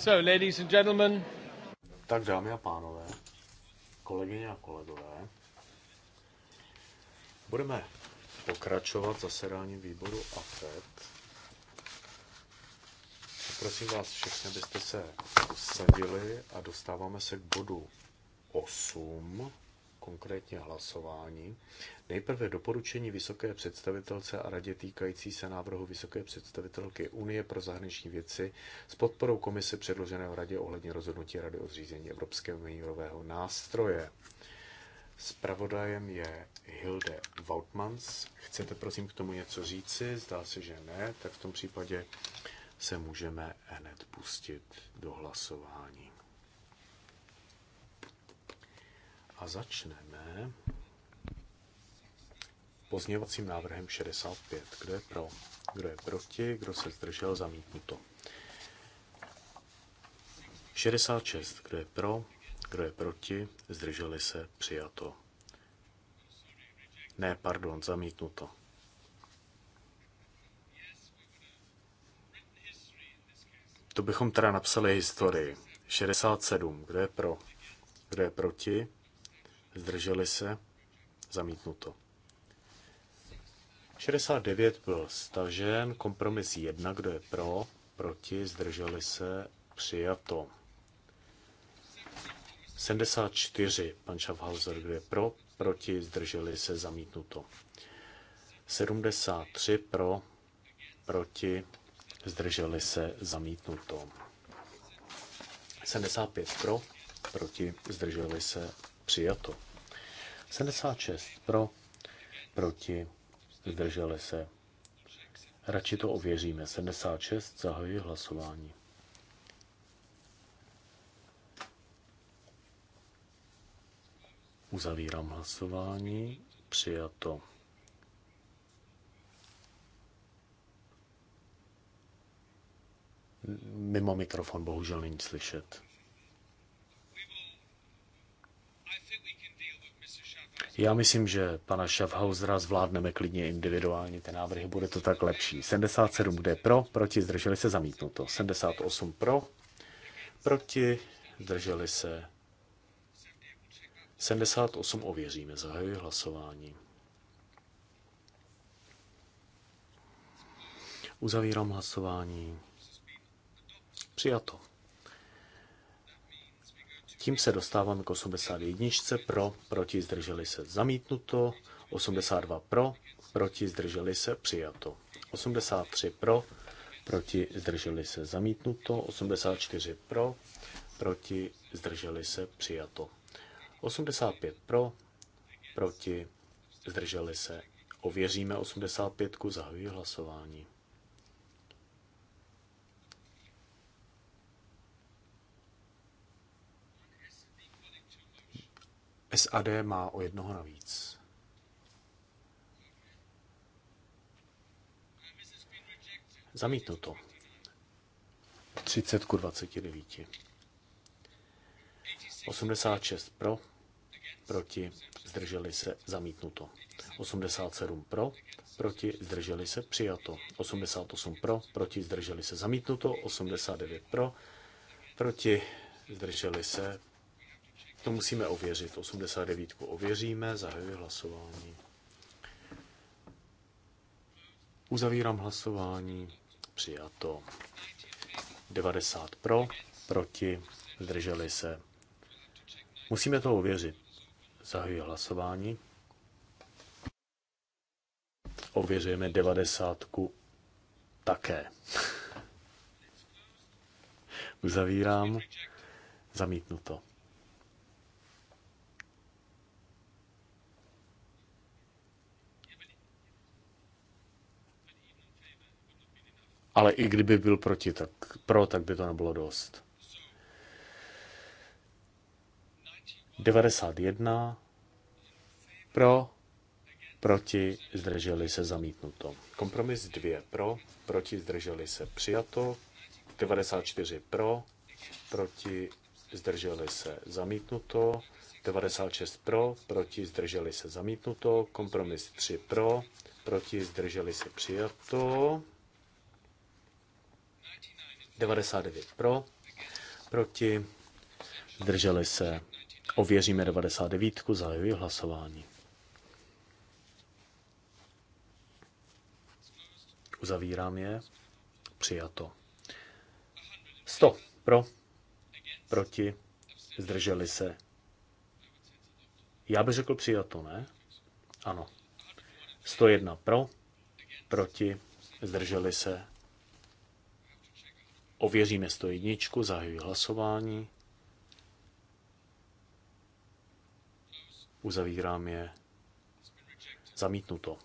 So, ladies and gentlemen. Tak dámy a pánové, kolegyně a kolegové, budeme pokračovat zasedání výboru AFED. Prosím vás všechny, abyste se usadili a dostáváme se k bodu 8 konkrétně hlasování. Nejprve doporučení vysoké představitelce a radě týkající se návrhu vysoké představitelky Unie pro zahraniční věci s podporou komise předloženého radě ohledně rozhodnutí Rady o zřízení Evropského měnového nástroje. Spravodajem je Hilde Vautmans. Chcete prosím k tomu něco říci? Zdá se, že ne. Tak v tom případě se můžeme hned pustit do hlasování. A začneme pozněvacím návrhem 65. Kdo je pro? Kdo je proti? Kdo se zdržel? Zamítnuto. 66. Kdo je pro? Kdo je proti? Zdrželi se? Přijato. Ne, pardon, zamítnuto. To bychom teda napsali historii. 67. Kdo je pro? Kdo je proti? zdrželi se, zamítnuto. 69 byl stažen, kompromis 1, kdo je pro, proti, zdrželi se, přijato. 74, pan Schaffhauser, kdo je pro, proti, zdrželi se, zamítnuto. 73 pro, proti, zdrželi se, zamítnuto. 75 pro, proti, zdrželi se, Přijato. 76 pro, proti, zdrželi se. Radši to ověříme. 76, zahajuji hlasování. Uzavírám hlasování. Přijato. Mimo mikrofon bohužel není slyšet. Já myslím, že pana Schaffhausera zvládneme klidně individuálně ty návrhy, bude to tak lepší. 77 kde pro, proti, zdrželi se zamítnuto. 78 pro, proti, zdrželi se. 78 ověříme, zahajuji hlasování. Uzavírám hlasování. Přijato. Tím se dostáváme k 81. pro, proti zdrželi se zamítnuto, 82 pro, proti zdrželi se přijato, 83 pro, proti zdrželi se zamítnuto, 84 pro, proti zdrželi se přijato, 85 pro, proti zdrželi se ověříme 85, zahajuji hlasování. SAD má o jednoho navíc. Zamítnuto. 30 ku 29. 86 pro, proti, zdrželi se, zamítnuto. 87 pro, proti, zdrželi se, přijato. 88 pro, proti, zdrželi se, zamítnuto. 89 pro, proti, zdrželi se, to musíme ověřit. 89 ověříme, zahajuji hlasování. Uzavírám hlasování. Přijato. 90 pro, proti, zdrželi se. Musíme to ověřit. Zahajuji hlasování. Ověřujeme 90 také. Uzavírám. Zamítnuto. ale i kdyby byl proti, tak pro, tak by to nebylo dost. 91 pro, proti, zdrželi se zamítnuto. Kompromis 2 pro, proti, zdrželi se přijato. 94 pro, proti, zdrželi se zamítnuto. 96 pro, proti, zdrželi se zamítnuto. Kompromis 3 pro, proti, zdrželi se přijato. 99 pro, proti, zdrželi se. Ověříme 99, zahajuji hlasování. Uzavírám je. Přijato. 100 pro, proti, zdrželi se. Já bych řekl přijato, ne? Ano. 101 pro, proti, zdrželi se, Ověříme 101, zahajuji hlasování. Uzavírám je. Zamítnuto.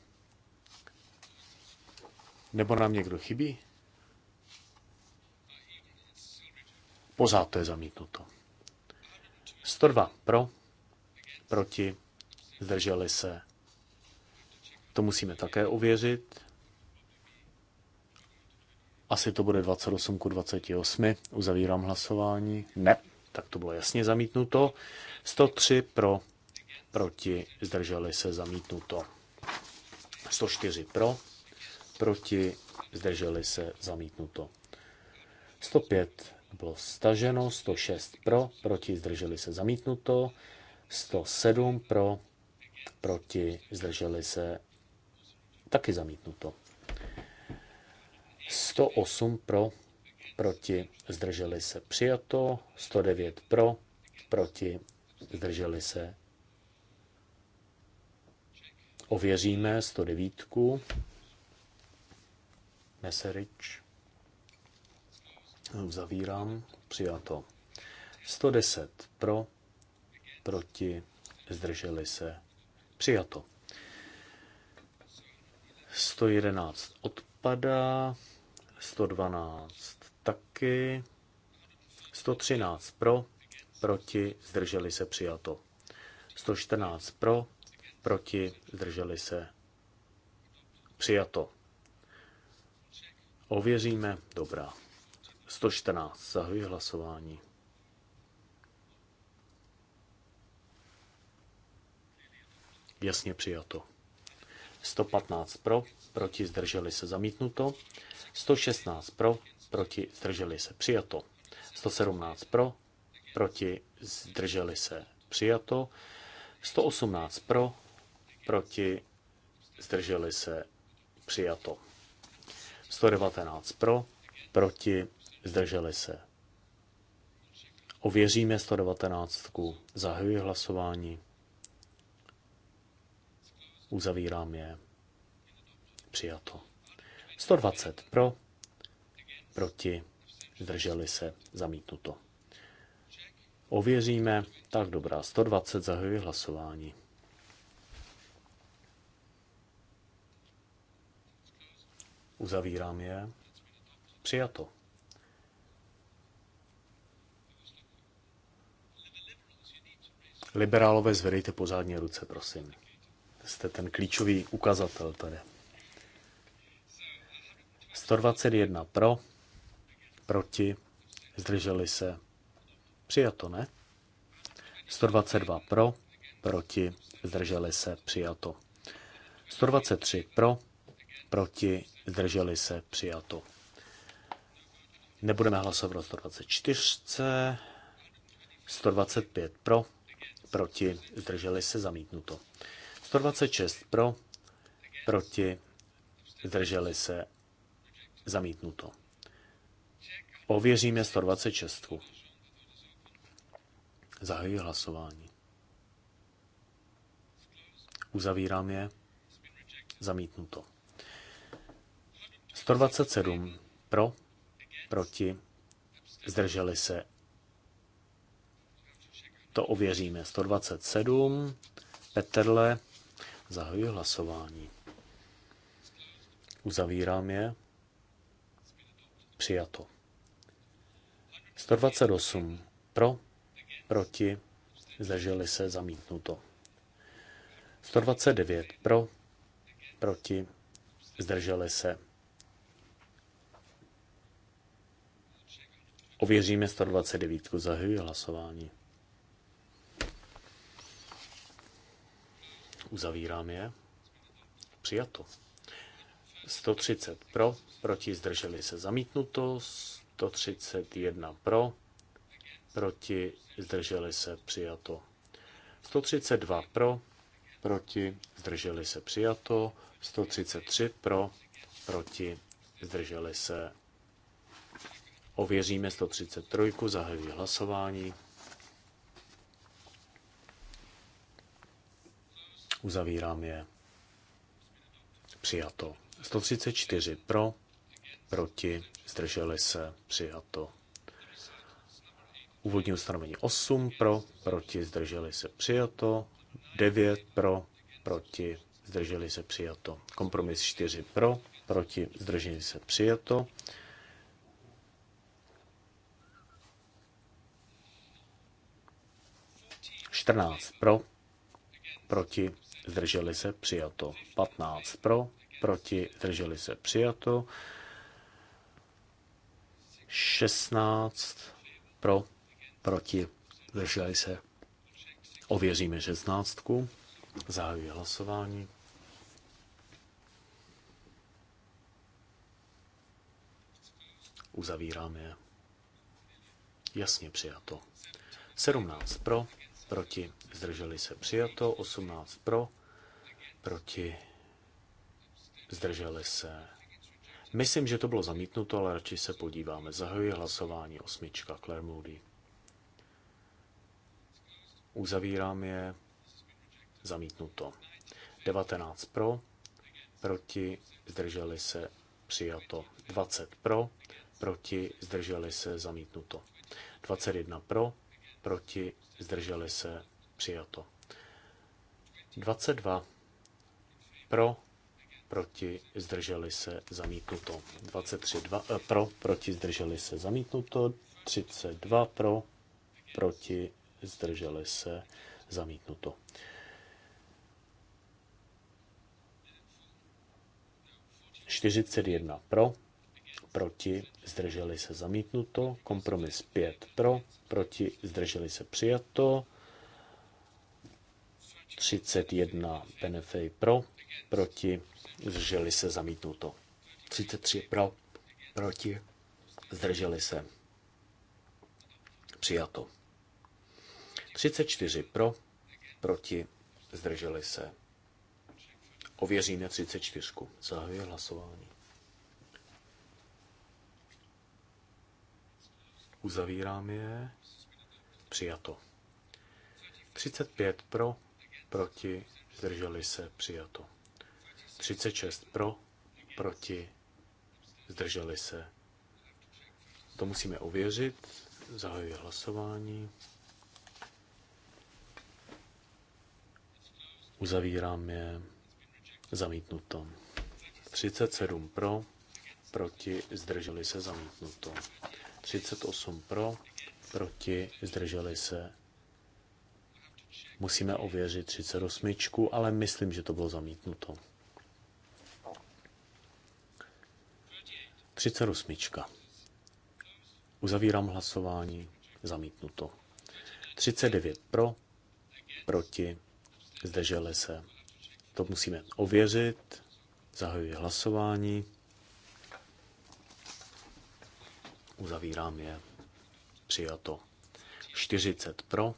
Nebo nám někdo chybí? Pořád to je zamítnuto. 102 pro, proti, zdrželi se. To musíme také ověřit. Asi to bude 28 ku 28. Uzavírám hlasování. Ne, tak to bylo jasně zamítnuto. 103 pro, proti, zdrželi se zamítnuto. 104 pro, proti, zdrželi se zamítnuto. 105 bylo staženo, 106 pro, proti, zdrželi se zamítnuto. 107 pro, proti, zdrželi se taky zamítnuto. 108 pro, proti, zdrželi se přijato, 109 pro, proti, zdrželi se. Ověříme 109. Meserič. Zavírám, přijato. 110 pro, proti, zdrželi se. Přijato. 111 odpadá. 112 taky. 113 pro, proti, zdrželi se přijato. 114 pro, proti, zdrželi se přijato. Ověříme, dobrá. 114, zahajuji hlasování. Jasně přijato. 115 pro, proti zdrželi se zamítnuto. 116 pro, proti, zdrželi se, přijato. 117 pro, proti, zdrželi se, přijato. 118 pro, proti, zdrželi se, přijato. 119 pro, proti, zdrželi se. Ověříme 119. Zahajuji hlasování. Uzavírám je. Přijato. 120 pro, proti, zdrželi se, zamítnuto. Ověříme, tak dobrá, 120 zahajuje hlasování. Uzavírám je. Přijato. Liberálové, zvedejte pořádně ruce, prosím. Jste ten klíčový ukazatel tady. 121 pro, proti, zdrželi se. Přijato, ne? 122 pro, proti, zdrželi se, přijato. 123 pro, proti, zdrželi se, přijato. Nebudeme hlasovat pro 124. 125 pro, proti, zdrželi se, zamítnuto. 126 pro, proti, zdrželi se, Zamítnuto. Ověříme 126. Zahajuji hlasování. Uzavírám je. Zamítnuto. 127 pro, proti, zdrželi se. To ověříme. 127, Petrle, zahajuji hlasování. Uzavírám je. Přijato. 128. Pro, proti, zdrželi se, zamítnuto. 129. Pro, proti, zdrželi se. Ověříme 129. Zahajuji hlasování. Uzavírám je. Přijato. 130 pro, proti zdrželi se zamítnuto, 131 pro, proti zdrželi se přijato. 132 pro, proti zdrželi se přijato, 133 pro, proti zdrželi se. Ověříme 133, zahajuji hlasování. Uzavírám je. Přijato. 134 pro, proti, zdrželi se, přijato. Úvodní ustanovení 8 pro, proti, zdrželi se, přijato. 9 pro, proti, zdrželi se, přijato. Kompromis 4 pro, proti, zdrželi se, přijato. Čtrnáct pro, proti, zdrželi se, přijato. Patnáct pro, proti, drželi se přijato. 16 pro, proti, drželi se. Ověříme 16. Zahajuji hlasování. Uzavírám je. Jasně přijato. 17 pro, proti, zdrželi se přijato. 18 pro, proti, Zdrželi se. Myslím, že to bylo zamítnuto, ale radši se podíváme. Zahajuji hlasování osmička Claire Moody. Uzavírám je. Zamítnuto. 19 pro, proti, zdrželi se, přijato. 20 pro, proti, zdrželi se, zamítnuto. 21 pro, proti, zdrželi se, přijato. 22 pro, proti, zdrželi se, zamítnuto. 23 2, eh, pro, proti, zdrželi se, zamítnuto. 32 pro, proti, zdrželi se, zamítnuto. Čtyřicet jedna pro, proti, zdrželi se zamítnuto, kompromis 5 pro, proti, zdrželi se přijato, 31 benefej pro, proti, zdrželi se zamítnuto. 33 pro, proti, zdrželi se přijato. 34 pro, proti, zdrželi se. Ověříme 34. Zahajuje hlasování. Uzavírám je. Přijato. 35 pro, proti, zdrželi se, přijato. 36 pro, proti, zdrželi se. To musíme ověřit. Zahajuji hlasování. Uzavírám je. Zamítnuto. 37 pro, proti, zdrželi se, zamítnuto. 38 pro, proti, zdrželi se. Musíme ověřit 38, ale myslím, že to bylo zamítnuto. 38. Uzavírám hlasování. Zamítnuto. 39 pro, proti, zdržely se. To musíme ověřit. Zahajuji hlasování. Uzavírám je. Přijato. 40 pro,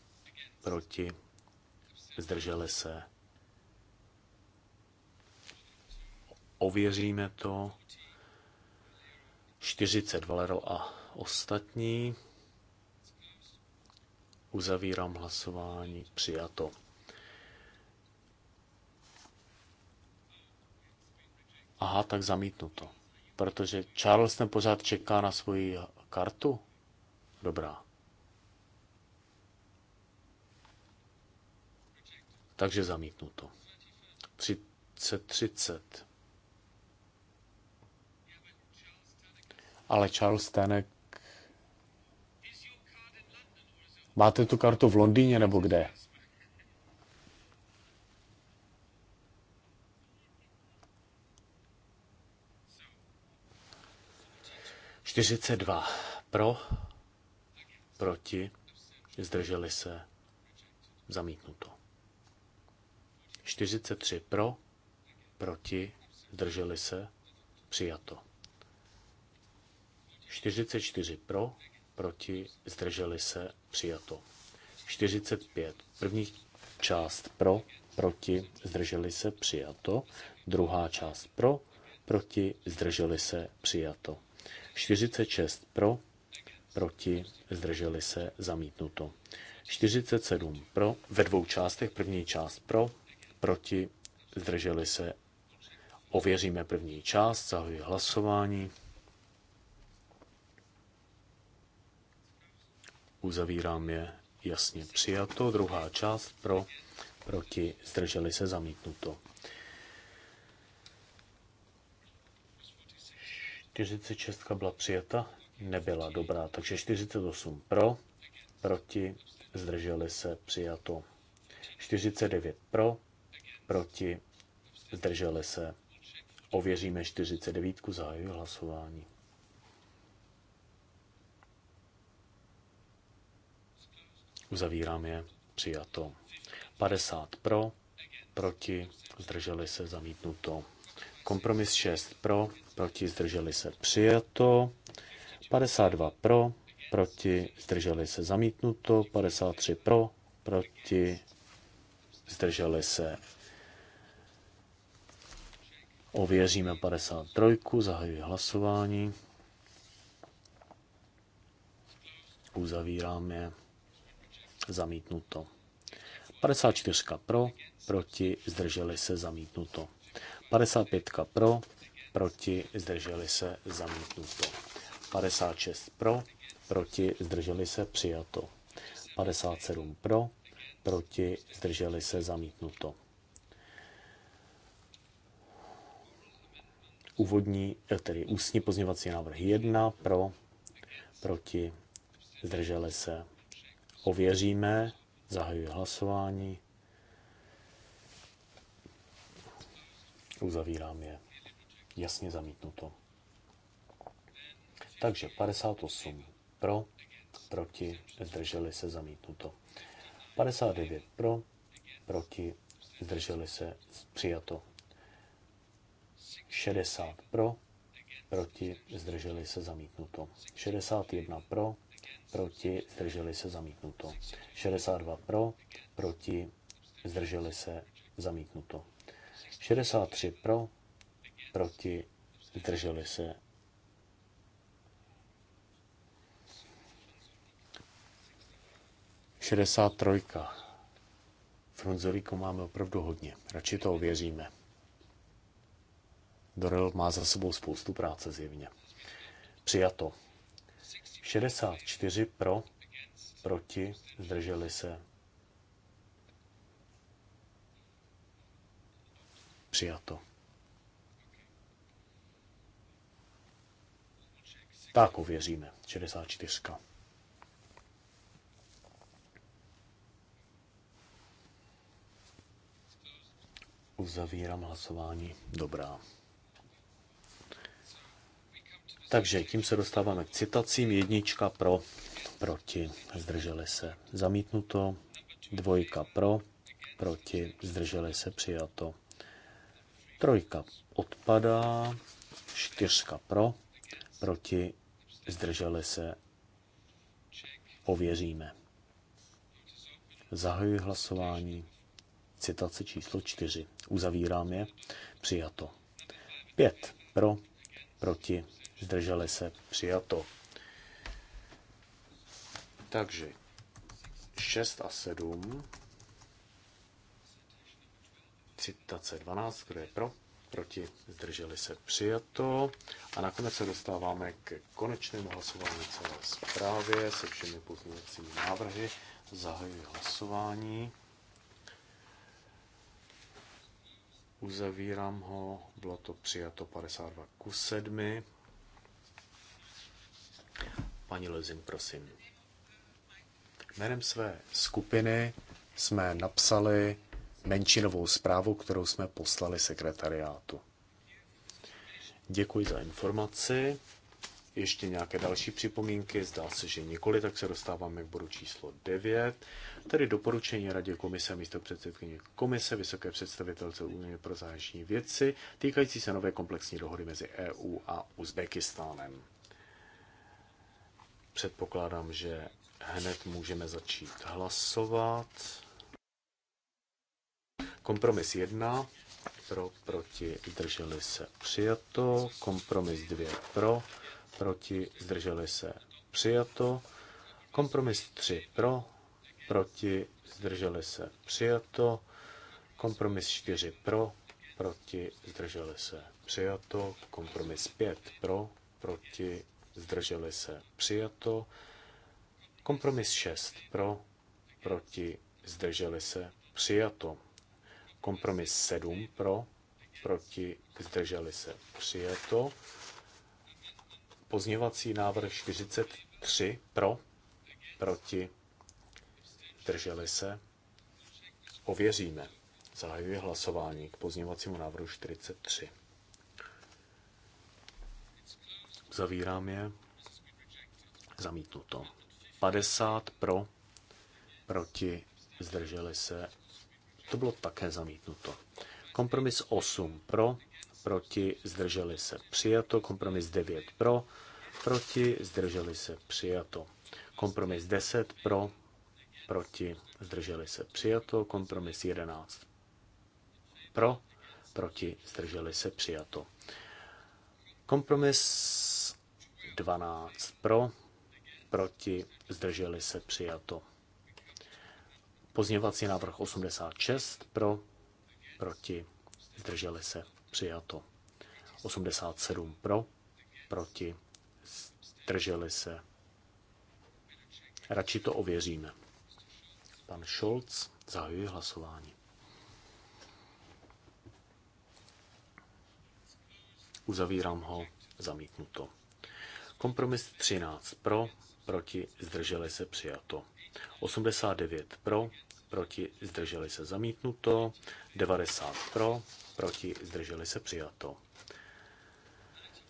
proti, zdržely se. Ověříme to. 40 Valero a ostatní. Uzavírám hlasování. Přijato. Aha, tak zamítnu to. Protože Charles ten pořád čeká na svoji kartu. Dobrá. Takže zamítnu to. 30, 30. Ale Charles Tenek... Máte tu kartu v Londýně nebo kde? Čtyřicet dva. Pro, proti, zdrželi se, zamítnuto. 43 pro, proti, zdrželi se, přijato. 44 pro, proti, zdrželi se, přijato. 45. První část pro, proti, zdrželi se, přijato. Druhá část pro, proti, zdrželi se, přijato. 46 pro, proti, zdrželi se, zamítnuto. 47 pro, ve dvou částech, první část pro, proti, zdrželi se, ověříme první část, zahajuji hlasování. uzavírám je jasně přijato. Druhá část pro, proti, zdrželi se zamítnuto. 46 byla přijata, nebyla dobrá, takže 48 pro, proti, zdrželi se přijato. 49 pro, proti, zdrželi se. Ověříme 49, zahajuji hlasování. Uzavírám je. Přijato. 50 pro, proti, zdrželi se, zamítnuto. Kompromis 6 pro, proti, zdrželi se, přijato. 52 pro, proti, zdrželi se, zamítnuto. 53 pro, proti, zdrželi se. Ověříme 53, zahajuji hlasování. Uzavírám je zamítnuto. 54 pro, proti, zdrželi se, zamítnuto. 55 pro, proti, zdrželi se, zamítnuto. 56 pro, proti, zdrželi se, přijato. 57 pro, proti, zdrželi se, zamítnuto. Úvodní, eh, tedy ústní pozměvací návrh 1 pro, proti, zdrželi se, Ověříme. Zahajuji hlasování. Uzavírám je. Jasně zamítnuto. Takže 58 pro, proti, zdrželi se zamítnuto. 59 pro, proti, zdrželi se přijato. 60 pro, proti, zdrželi se zamítnuto. 61 pro, proti, zdrželi se, zamítnuto. 62 pro, proti, zdrželi se, zamítnuto. 63 pro, proti, zdrželi se. Šedesát trojka. Frunzelíku máme opravdu hodně. Radši to ověříme. Dorel má za sebou spoustu práce zjevně. Přijato. 64 pro, proti, zdrželi se. Přijato. Tak ověříme. 64. Uzavírám hlasování. Dobrá. Takže tím se dostáváme k citacím. Jednička pro, proti, zdrželi se. Zamítnuto. Dvojka pro, proti, zdrželi se. Přijato. Trojka odpadá. Čtyřka pro, proti, zdrželi se. Ověříme. Zahajuji hlasování. Citace číslo čtyři Uzavírám je. Přijato. pět Pro. Proti zdrželi se, přijato. Takže 6 a 7, citace 12, kdo je pro, proti, zdrželi se, přijato. A nakonec se dostáváme k konečnému hlasování celé zprávě se všemi pozměňovacími návrhy. Zahajuji hlasování. Uzavírám ho, bylo to přijato 52 ku 7. Paní Lezing, prosím. Jménem své skupiny jsme napsali menšinovou zprávu, kterou jsme poslali sekretariátu. Děkuji za informaci. Ještě nějaké další připomínky? Zdá se, že nikoli, tak se dostáváme k bodu číslo 9, tedy doporučení Radě komise místo předsedkyně komise Vysoké představitelce Unie pro zahraniční věci týkající se nové komplexní dohody mezi EU a Uzbekistánem. Předpokládám, že hned můžeme začít hlasovat. Kompromis 1 pro, proti, zdrželi se, přijato. Kompromis 2 pro, proti, zdrželi se, přijato. Kompromis 3 pro, proti, zdrželi se, přijato. Kompromis 4 pro, proti, zdrželi se, přijato. Kompromis 5 pro, proti, zdrželi se, přijato. Kompromis 6 pro, proti, zdrželi se, přijato. Kompromis 7 pro, proti, zdrželi se, přijato. Pozněvací návrh 43 pro, proti, zdrželi se. Ověříme. Zahajuji hlasování k pozněvacímu návrhu 43. Uzavírám je. Zamítnuto. 50 pro, proti, zdrželi se. To bylo také zamítnuto. Kompromis 8 pro, proti, zdrželi se. Přijato. Kompromis 9 pro, proti, zdrželi se. Přijato. Kompromis 10 pro, proti, zdrželi se. Přijato. Kompromis 11 pro, proti, zdrželi se. Přijato. Kompromis 12 pro, proti, zdrželi se přijato. Pozněvací návrh 86 pro, proti, zdrželi se přijato. 87 pro, proti, zdrželi se. Radši to ověříme. Pan Scholz zahajuje hlasování. Uzavírám ho, zamítnuto. Kompromis 13 pro, proti, zdrželi se přijato. 89 pro, proti, zdrželi se zamítnuto. 90 pro, proti, zdrželi se přijato.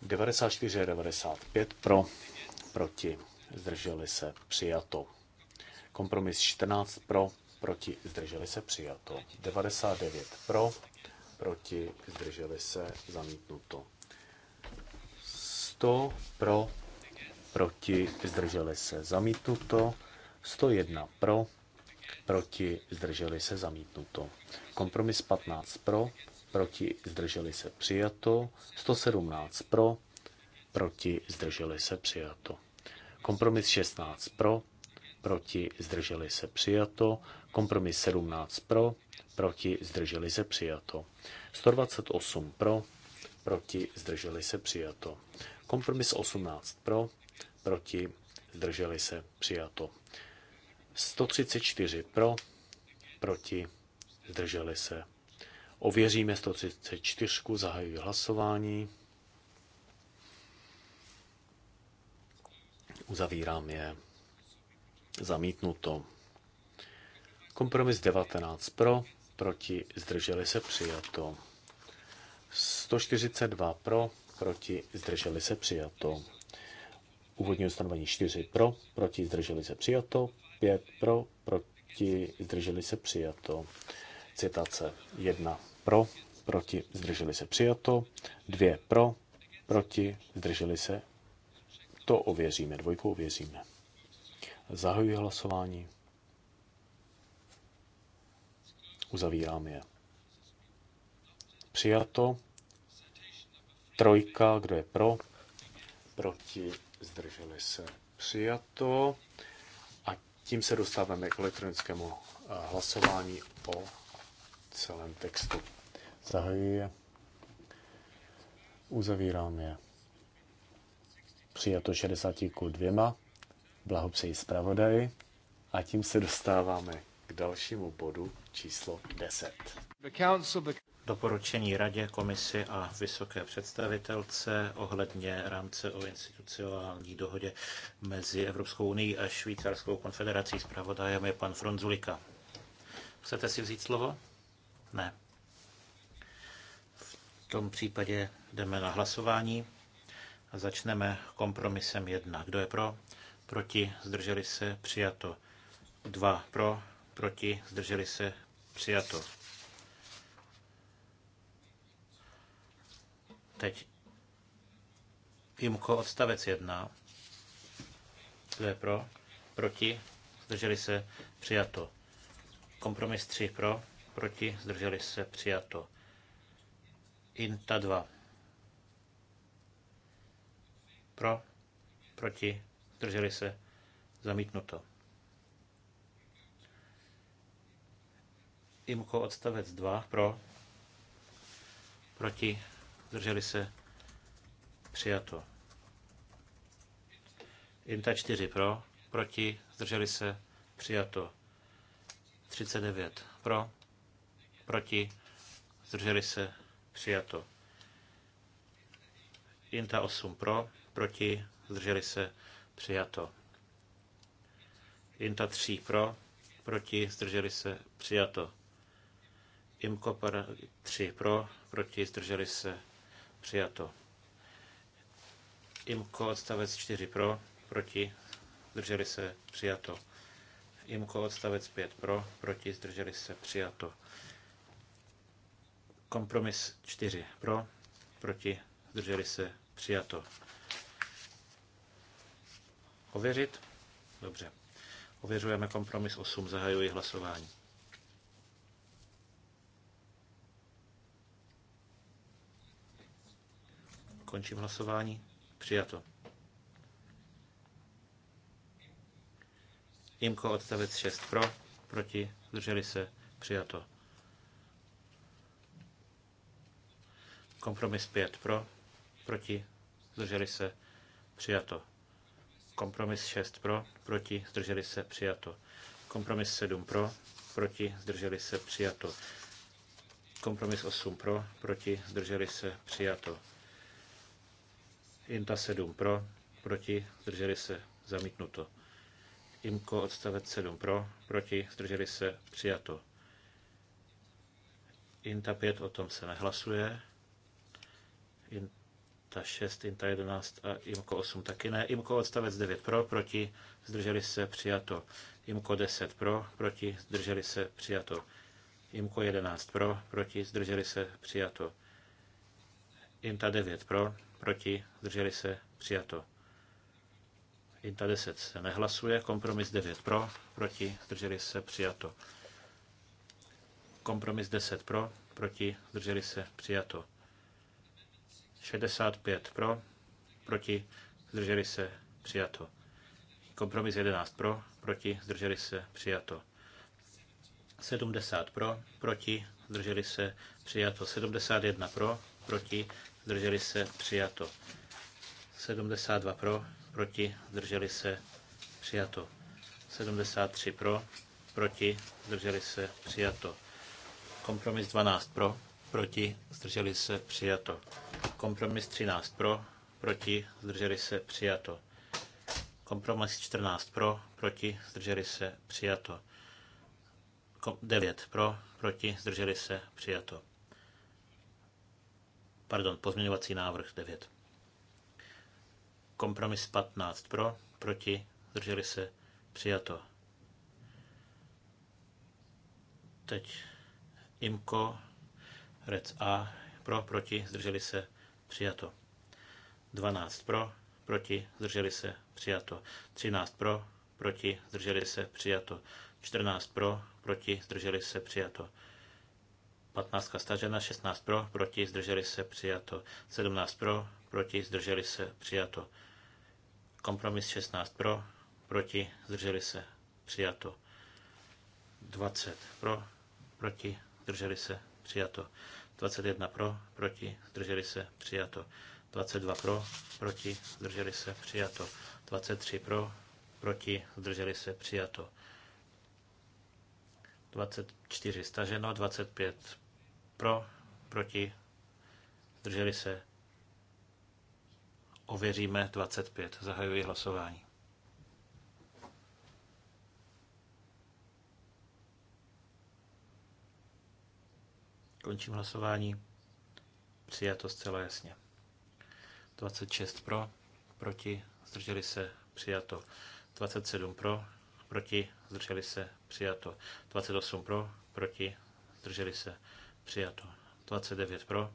94 a 95 pro, proti, zdrželi se přijato. Kompromis 14 pro, proti, zdrželi se přijato. 99 pro, proti, zdrželi se zamítnuto. 100 pro, proti, zdrželi se zamítnuto. 101 pro, proti, zdrželi se zamítnuto. Kompromis 15 pro, proti, zdrželi se přijato. 117 pro, proti, zdrželi se přijato. Kompromis 16 pro, proti, zdrželi se přijato. Kompromis 17 pro, proti, zdrželi se přijato. 128 pro, proti, zdrželi se přijato. Kompromis 18 pro, proti, zdrželi se, přijato. 134 pro, proti, zdrželi se. Ověříme 134, zahajuji hlasování. Uzavírám je. Zamítnuto. Kompromis 19 pro, proti, zdrželi se, přijato. 142 pro, proti, zdrželi se přijato. Úvodní ustanovení 4 pro, proti, zdrželi se přijato. 5 pro, proti, zdrželi se přijato. Citace 1 pro, proti, zdrželi se přijato. 2 pro, proti, zdrželi se. To ověříme, dvojku ověříme. Zahajuji hlasování. Uzavírám je. Přijato. Trojka, kdo je pro? Proti, zdrželi se. Přijato. A tím se dostáváme k elektronickému eh, hlasování o celém textu. Zahajuji je. Uzavírám je. Přijato 60 ku dvěma. Blahopřeji zpravodaji. A tím se dostáváme k dalšímu bodu číslo 10 doporučení radě, komisi a vysoké představitelce ohledně rámce o institucionální dohodě mezi Evropskou unii a Švýcarskou konfederací. Zpravodajem je pan Fronzulika. Chcete si vzít slovo? Ne. V tom případě jdeme na hlasování a začneme kompromisem 1. Kdo je pro? Proti? Zdrželi se? Přijato. 2 pro? Proti? Zdrželi se? Přijato. Teď Imko odstavec 1. Kdo je pro? Proti? Zdrželi se? Přijato. Kompromis 3 pro? Proti? Zdrželi se? Přijato. Inta 2. Pro? Proti? Zdrželi se? Zamítnuto. Imko odstavec 2 pro? Proti? zdrželi se, přijato. Inta 4 pro, proti, zdrželi se, přijato. 39 pro, proti, zdrželi se, přijato. Inta 8 pro, proti, zdrželi se, přijato. Inta 3 pro, proti, zdrželi se, přijato. Imko 3 pro, proti, zdrželi se, přijato. Přijato. Imko odstavec 4 pro, proti, zdrželi se, přijato. Imko odstavec 5 pro, proti, zdrželi se, přijato. Kompromis 4 pro, proti, zdrželi se, přijato. Ověřit? Dobře. Ověřujeme kompromis 8, zahajuji hlasování. Končím hlasování. Přijato. Imko odstavec 6 pro, proti, zdrželi se, přijato. Kompromis 5 pro, proti, zdrželi se, přijato. Kompromis 6 pro, proti, zdrželi se, přijato. Kompromis 7 pro, proti, zdrželi se, přijato. Kompromis 8 pro, proti, zdrželi se, přijato. Inta 7 pro, proti, zdrželi se, zamítnuto. Imko odstavec 7 pro, proti, zdrželi se, přijato. Inta 5 o tom se nehlasuje. Inta 6, Inta 11 a Imko 8 taky ne. Imko odstavec 9 pro, proti, zdrželi se, přijato. Imko 10 pro, proti, zdrželi se, přijato. Imko 11 pro, proti, zdrželi se, přijato. Inta 9 pro, proti, zdrželi se, přijato. Inta 10 se nehlasuje, kompromis 9 pro, proti, zdrželi se, přijato. Kompromis 10 pro, proti, zdrželi se, přijato. 65 pro, proti, zdrželi se, přijato. Kompromis 11 pro, proti, zdrželi se, přijato. 70 pro, proti, zdrželi se, přijato. 71 pro, proti, zdrželi se, přijato. 72 pro, proti, zdrželi se, přijato. 73 pro, proti, zdrželi se, přijato. Kompromis 12 pro, proti, zdrželi se, přijato. Kompromis 13 pro, proti, zdrželi se, přijato. Kompromis 14 pro, proti, zdrželi se, přijato. 9 pro, proti, zdrželi se, přijato pardon, pozměňovací návrh 9. Kompromis 15 pro, proti, zdrželi se, přijato. Teď IMKO, REC A, pro, proti, zdrželi se, přijato. 12 pro, proti, zdrželi se, přijato. 13 pro, proti, zdrželi se, přijato. 14 pro, proti, zdrželi se, přijato. 15 stažena, 16 pro, proti, zdrželi se, přijato. 17 pro, proti, zdrželi se, přijato. Kompromis 16 pro, proti, zdrželi se, přijato. 20 pro, proti, zdrželi se, přijato. 21 pro, proti, zdrželi se, přijato. 22 pro, proti, zdrželi se, přijato. 23 pro, proti, zdrželi se, přijato. 24 staženo, 25 pro, proti, zdrželi se. Ověříme 25. Zahajuji hlasování. Končím hlasování. Přijato zcela jasně. 26 pro, proti, zdrželi se, přijato. 27 pro, proti, zdrželi se, přijato. 28 pro, proti, zdrželi se, přijato. 29 pro,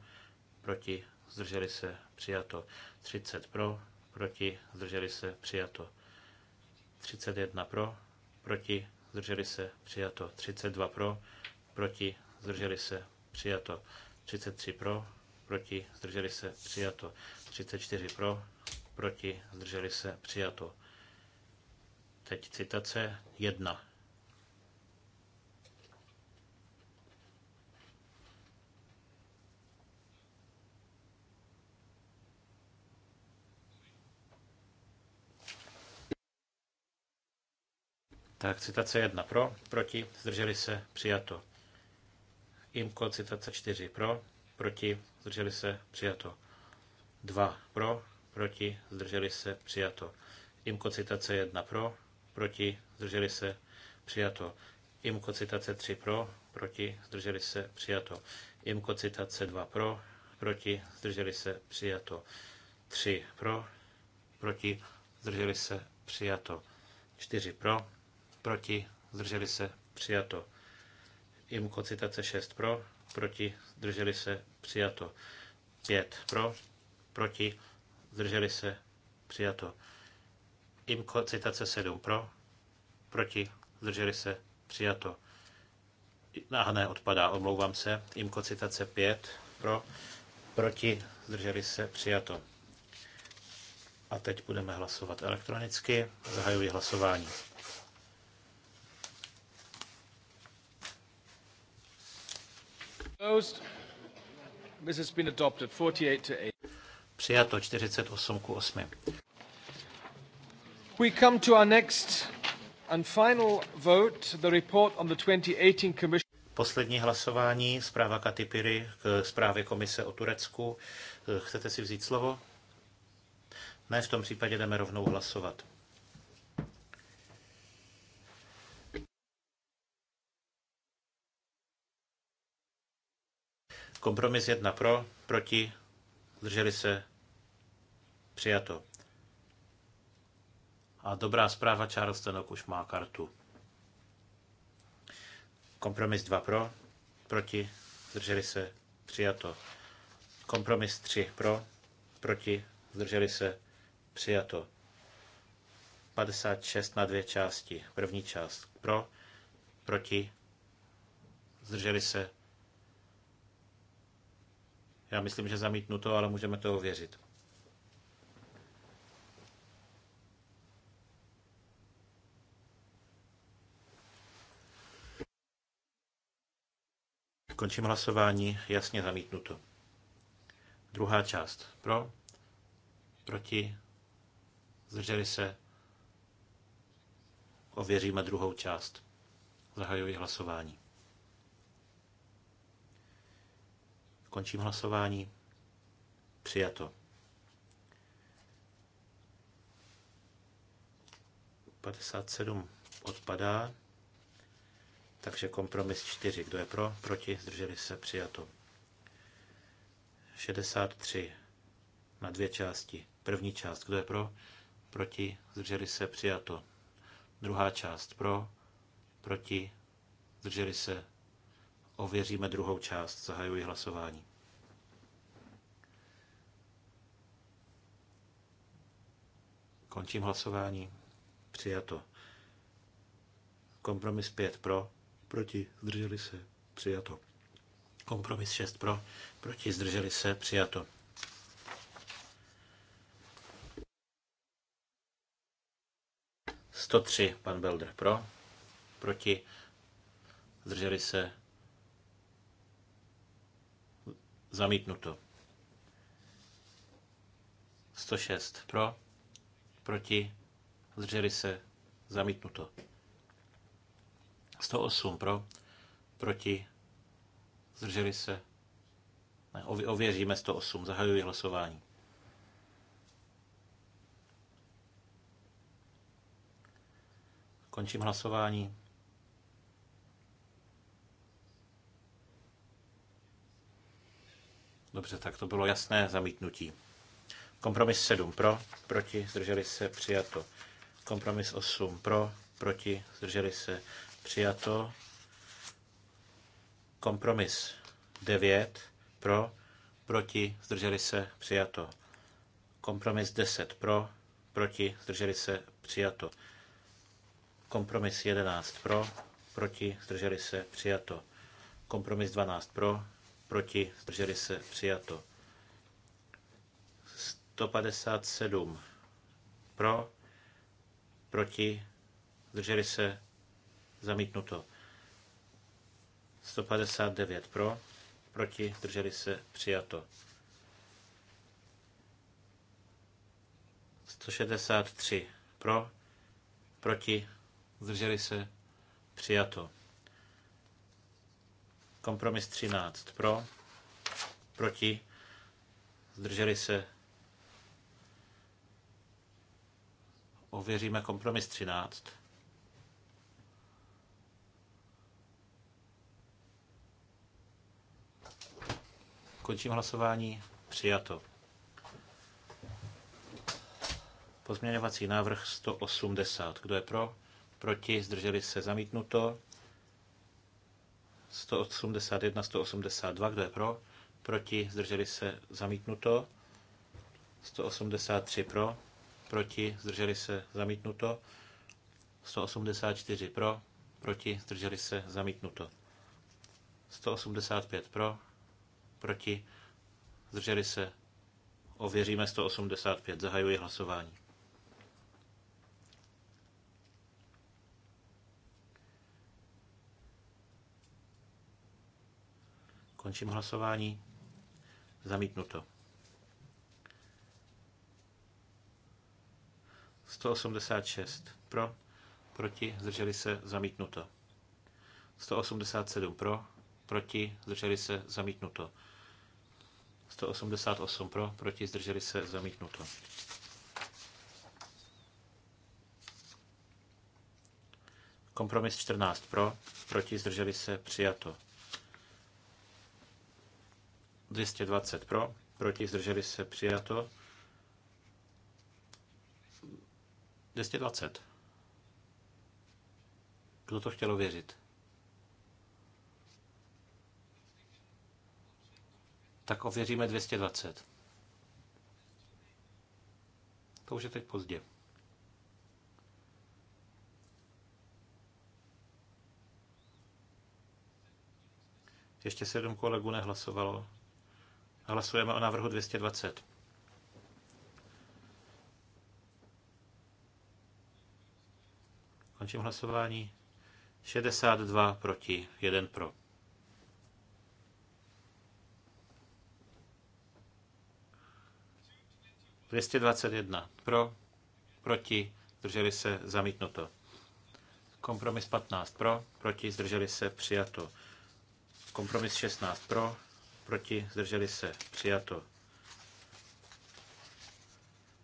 proti, zdrželi se, přijato. 30 pro, proti, zdrželi se, přijato. 31 pro, proti, zdrželi se, přijato. 32 pro, proti, zdrželi se, přijato. 33 pro, proti, zdrželi se, přijato. 34 pro, proti, zdrželi se, přijato. Teď citace 1 Tak citace 1 pro, proti, zdrželi se, přijato. Imko citace 4 pro, proti, zdrželi se, přijato. 2 pro, proti, zdrželi se, přijato. Imko citace 1 pro, proti, zdrželi se, přijato. Imko citace 3 pro, proti, zdrželi se, přijato. Imko citace 2 pro, proti, zdrželi se, přijato. 3 pro, proti, zdrželi se, přijato. 4 pro, proti, zdrželi se, přijato. Imko citace 6 pro, proti, zdrželi se, přijato. 5 pro, proti, zdrželi se, přijato. Imko citace 7 pro, proti, zdrželi se, přijato. Náhne odpadá, omlouvám se. Imko citace 5 pro, proti, zdrželi se, přijato. A teď budeme hlasovat elektronicky. Zahajuji hlasování. This has been adopted 48 to 8. Přijato 48 ku 8. We come to our next and final vote, the report on the 2018 Commission. Poslední hlasování, zpráva Katipiry k zprávě komise o Turecku. Eh, chcete si vzít slovo? Ne, v tom případě jdeme rovnou hlasovat. Kompromis jedna pro, proti, zdrželi se, přijato. A dobrá zpráva, Charles Tenok už má kartu. Kompromis 2 pro, proti, zdrželi se, přijato. Kompromis 3 pro, proti, zdrželi se, přijato. 56 na dvě části. První část pro, proti, zdrželi se, já myslím, že zamítnu to, ale můžeme to ověřit. Končím hlasování, jasně zamítnuto. Druhá část. Pro, proti, zdrželi se, ověříme druhou část. Zahajuji hlasování. Končím hlasování. Přijato. 57 odpadá, takže kompromis 4. Kdo je pro? Proti? Zdrželi se? Přijato. 63 na dvě části. První část. Kdo je pro? Proti? Zdrželi se? Přijato. Druhá část. Pro? Proti? Zdrželi se? Ověříme druhou část. Zahajuji hlasování. Končím hlasování. Přijato. Kompromis 5 pro, proti, zdrželi se, přijato. Kompromis 6 pro, proti, zdrželi se, přijato. Sto tři, pan Belder pro, proti, zdrželi se, Zamítnuto. 106 pro, proti, zdrželi se, zamítnuto. 108 pro, proti, zdrželi se. Ne, ověříme 108, zahajuji hlasování. Končím hlasování. Dobře, tak to bylo jasné zamítnutí. Kompromis 7 pro, proti, zdrželi se, přijato. Kompromis 8 pro, proti, zdrželi se, přijato. Kompromis 9 pro, proti, zdrželi se, přijato. Kompromis 10 pro, proti, zdrželi se, přijato. Kompromis 11 pro, proti, zdrželi se, přijato. Kompromis 12 pro, proti, zdrželi se, přijato. 157 pro, proti, zdrželi se, zamítnuto. 159 pro, proti, zdrželi se, přijato. 163 pro, proti, zdrželi se, přijato. Kompromis 13 pro, proti, zdrželi se. Ověříme kompromis 13. Končím hlasování. Přijato. Pozměňovací návrh 180. Kdo je pro? Proti? Zdrželi se? Zamítnuto. 181, 182, kdo je pro, proti, zdrželi se, zamítnuto, 183 pro, proti, zdrželi se, zamítnuto, 184 pro, proti, zdrželi se, zamítnuto, 185 pro, proti, zdrželi se, ověříme 185, zahajuji hlasování. Končím hlasování. Zamítnuto. 186 pro, proti, zdrželi se, zamítnuto. 187 pro, proti, zdrželi se, zamítnuto. 188 pro, proti, zdrželi se, zamítnuto. Kompromis 14 pro, proti, zdrželi se, přijato. 220 pro, proti zdrželi se přijato. 220. Kdo to chtělo věřit? Tak ověříme 220. To už je teď pozdě. Ještě sedm kolegů nehlasovalo. Hlasujeme o návrhu 220. Končím hlasování. 62 proti, 1 pro. Dvěstě dvacet jedna pro, proti, zdrželi se, zamítnuto. Kompromis 15 pro, proti, zdrželi se, přijato. Kompromis 16 pro, proti, zdrželi se, přijato.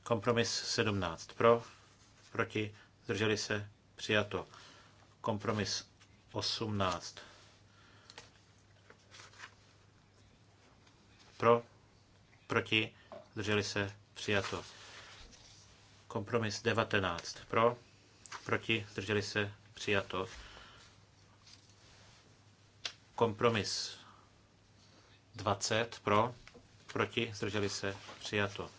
Kompromis 17 pro, proti, zdrželi se, přijato. Kompromis 18 pro, proti, zdrželi se, přijato. Kompromis 19 pro, proti, zdrželi se, přijato. Kompromis 20 pro, proti, zdrželi se, přijato.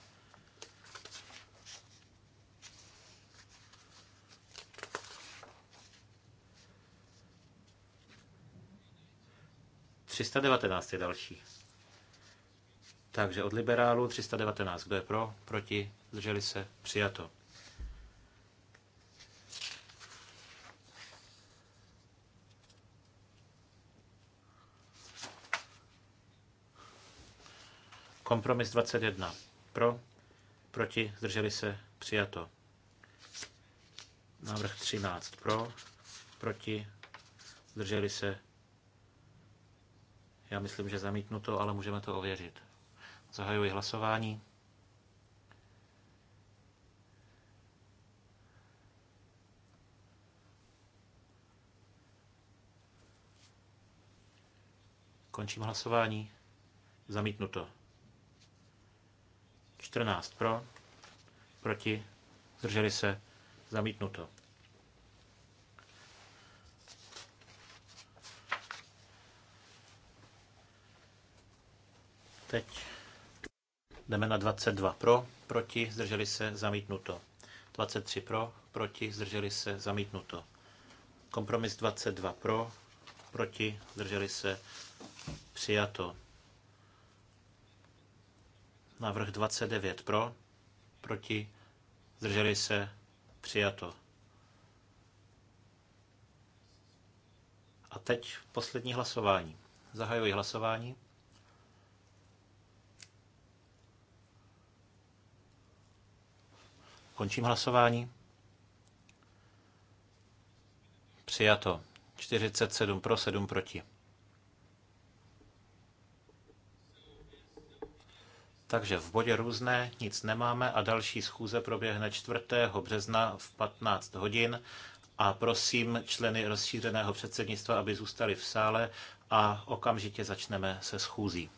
je další. Takže od liberálů 319. Kdo je pro? Proti? Zdrželi se? Přijato. Kompromis 21. Pro, proti, zdrželi se, přijato. Návrh 13. Pro, proti, zdrželi se. Já myslím, že zamítnu to, ale můžeme to ověřit. Zahajuji hlasování. Končím hlasování. Zamítnuto. 14 pro, proti, zdrželi se, zamítnuto. Teď jdeme na 22 pro, proti, zdrželi se, zamítnuto. 23 pro, proti, zdrželi se, zamítnuto. Kompromis 22 pro, proti, zdrželi se, přijato. Návrh 29 pro, proti, zdrželi se, přijato. A teď poslední hlasování. Zahajuji hlasování. Končím hlasování. Přijato. 47 pro, 7 proti. Takže v bodě různé nic nemáme a další schůze proběhne 4. března v 15 hodin a prosím členy rozšířeného předsednictva, aby zůstali v sále a okamžitě začneme se schůzí.